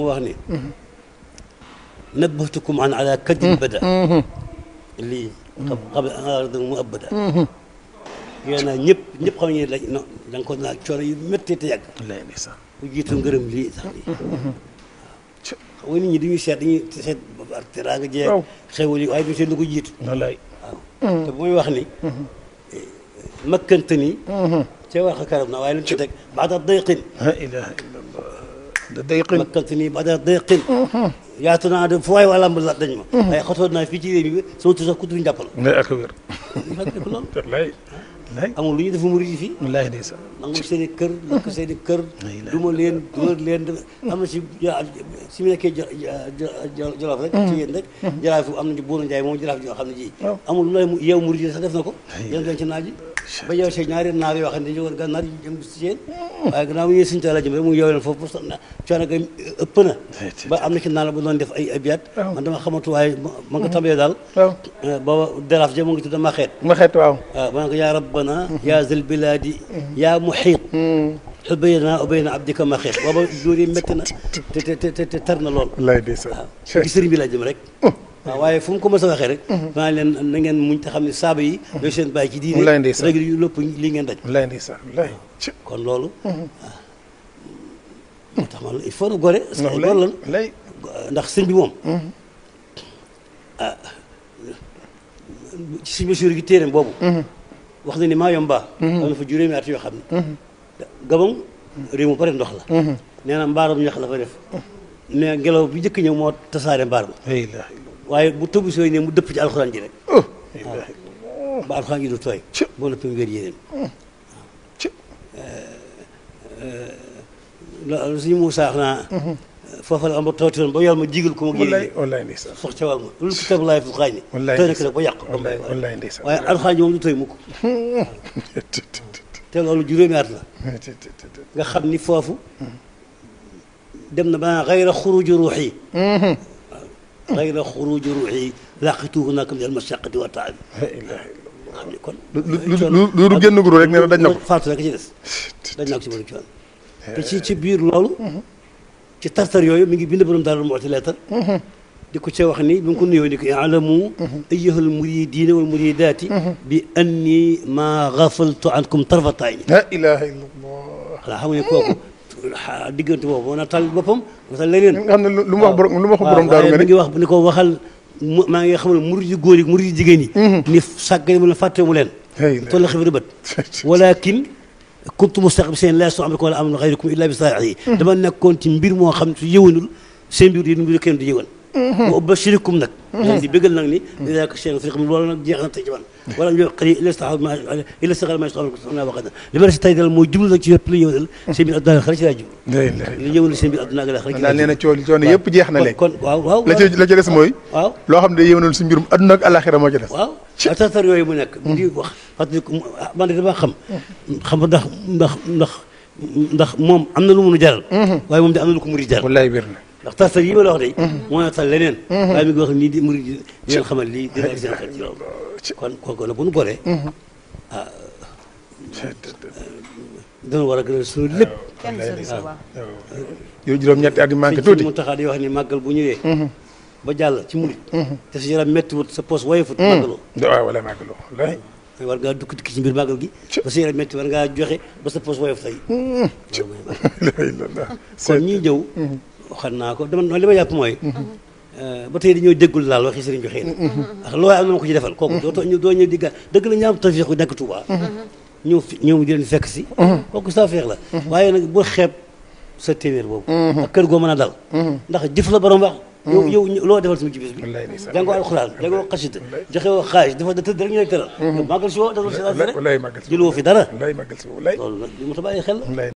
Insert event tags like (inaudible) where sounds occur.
mu wax ni nabbahtukum an ala kadib bada lii xam mu abada mm-hmm. yooyu naa ñëpp ñëpp xam ne lañ non da nga ko naa coono yu méttee te yàgg ku jiitu ngërëm lii sax lii mm-hmm. Mm-hmm. waaw nit ñi dañuy seet dañuy seet teraanga jeex xewal yi waaye duñu seet lu ko jiitu wallaay waaw te bu muy wax ni makkante ni ca war a karam na waaye lu ñu ci teg baada dayqin la ilaha illallah ba da dayqin mm-hmm. yaatu naa de fu waay waa lamb la ma waaye mm-hmm. xatoon naa fii ci réew mi sama tur sax ku duñ jàppal ngay ak wér loolu amul lu ñu def murid yi fii wallaahi ndeysaan nangu seen i kër lakk seen i kër du ma leen du ma leen am na si si mu nekkee jolof rek ci mm-hmm. yéen rek jaraaf am na ci buuna njaay moom jaraaf joo xam ne ji oh. amul lu lay yeew murid yi sax def na ko yéen ci naaj ba yow si ñaari naar yoo xam ne dañu woon gànnaar yu jëm si yéen waaye gannaaw mu ñuy suñu tala jëm rek mu yow leen foofu pour coono ga ëpp na ba am na ci naar bu doon def ay abiyaat man dama xamatu waaye ma nga tàmbalee daal waaw booba deraaf ja mu ngi tudd maxeet maxeet waaw waaw ma ne ko yaa rabbana yaa zil bilaadi yaa muxiit xubayna ubayna abdika maxeet booba jur yi métti na te te te tar na lool waaw ci sëriñ bi laa jëm rek waaw waaye fu mu ko mës a waxee rek mhm. maa leen na ngeen muñ te xam ne saaba yi mhm. ñooy seen bàyyi ci diine rek yu lëpp li ngeen daj lay ndeysaan lay kon loolu mhm. moo tax ma il faut nu gore ndax sëñ bi moom ah ci suñu mesure gi téeréem boobu wax na ni maa yomba am na fa juróomi at yoo xam ne gabon réew mu bari ndox la nee mbaaram ñax la fa def mais ngelaw bi jëkk ñëw moo tasaare mbaar waaye bu tëbu sooy ne mu dëpp ci alxuraan ji rek oh. ba alxuraan ji du tooy boo noppi mu wér yéen hmm. loolu suñu Moussa xanaa hmm. foofa la am ba tawti woon ba yor ma jigal ko ma yéeg sox ca wal ma loolu kitaab laay fu xaaj ne tooy na ki nag ba yàqu waaye alxuraan ji moom du tooy mukk hmm. te loolu juróomi at la (laughs) nga xam ni foofu dem na ba xayra xuruju ruux yi Hmm. غير خروج روحي لاقيته هناك من المشقة والتعب. la ilaha illallah am kon. lu lu génn guru rek nee na dañ na ko. faatu rek ci des dañ na ko ci mbirum coono. te ci ci biir loolu. ci tartar yooyu mi ngi bind borom Daaru Muxti leetar. di ko cee wax ni bi mu ko nuyoo ni ko alamu ayyuhal muridiina wal muridaati bi anni maa gafaltu ankum tarfata ayni. la ilaha illallah. xanaa xamuñu kooku. diggante boobu moo na tal boppam moo tal leneen. nga xam ne lu mu wax borom lu mu wax borom daaru nga ne. waaw wax ni ko waxal maa ngi xamal murid yu góor yi murid yu jigéen yi. Mm-hmm. ni sàggane mu leen fàtte mu leen. toll xibri bët. (laughs) walakin kuntu mustaqbisin laa asta'mirukum wa laa amliku lakum illa bi saa'i'i. Mm-hmm. dama nekkoon ci mbir moo xam su yëwanul seen mbir yi mbir kenn du yëwan wa bashirikum nag leen di béggal nag ni lidaka cheen fi xam loolu nag jeex na tey ci man wala ñu xëri ilasta ma ila saxal ma soxla ko soxna wax na li ma des tey dal mooy jublu nag ci yëpp lu yëwdal seen biir àdduna xara ci laa jublu lu yëwdal seen biir àdduna xara ci laa nee na coono coono yëpp jeex na léegi kon waaw waaw la ci la ci des mooy waaw loo xam ne yëwnal si mbirum àdduna ak alaxira moo ci des waaw atatar yooyu mu nekk mu mm. di wax fàttaliku ah, man de dama xam xam ndax ndax ndax ndax moom am na lu mun a jaral mm-hmm. waaye moom de am na lu ko muri jaral wallaay wér na ndax tasa yi ma la wax de. Mhm. moo na tal leneen. Mhm. waaye mi ngi wax nii di murid di leen xamal lii di leen seen xel ci loolu. kon kooku mhm. ah, euh, a gënal suñu lépp. kon ñiy ñëw. waxoon naa ko dama li ma jàpp mooy. Euh, ba tey dañoo déggul laal waxi sëriñ bi xëy na. ndax looy am na ma ko ci defal. kooku doo ñu doo ñëw di ga dëgg la ñu am tawfiix bu nekk Tuuba. ñu ñoom di leen fekk si. kooku tawfiix la. waaye nag bu xeeb sa téeméer boobu. Mhm. ak kër goo mën a dal. Mhm. ndax jëf la borom wax. Mhm. yow yow loo defal suñu ci bis bi jàngoo alxuraan jàngoo xasida joxe woo xaaj dafa da tëdd rek ñu lay tëral yow màggal si woo defal si dara jëloo fi dara loolu nag li mu ta bàyyi xel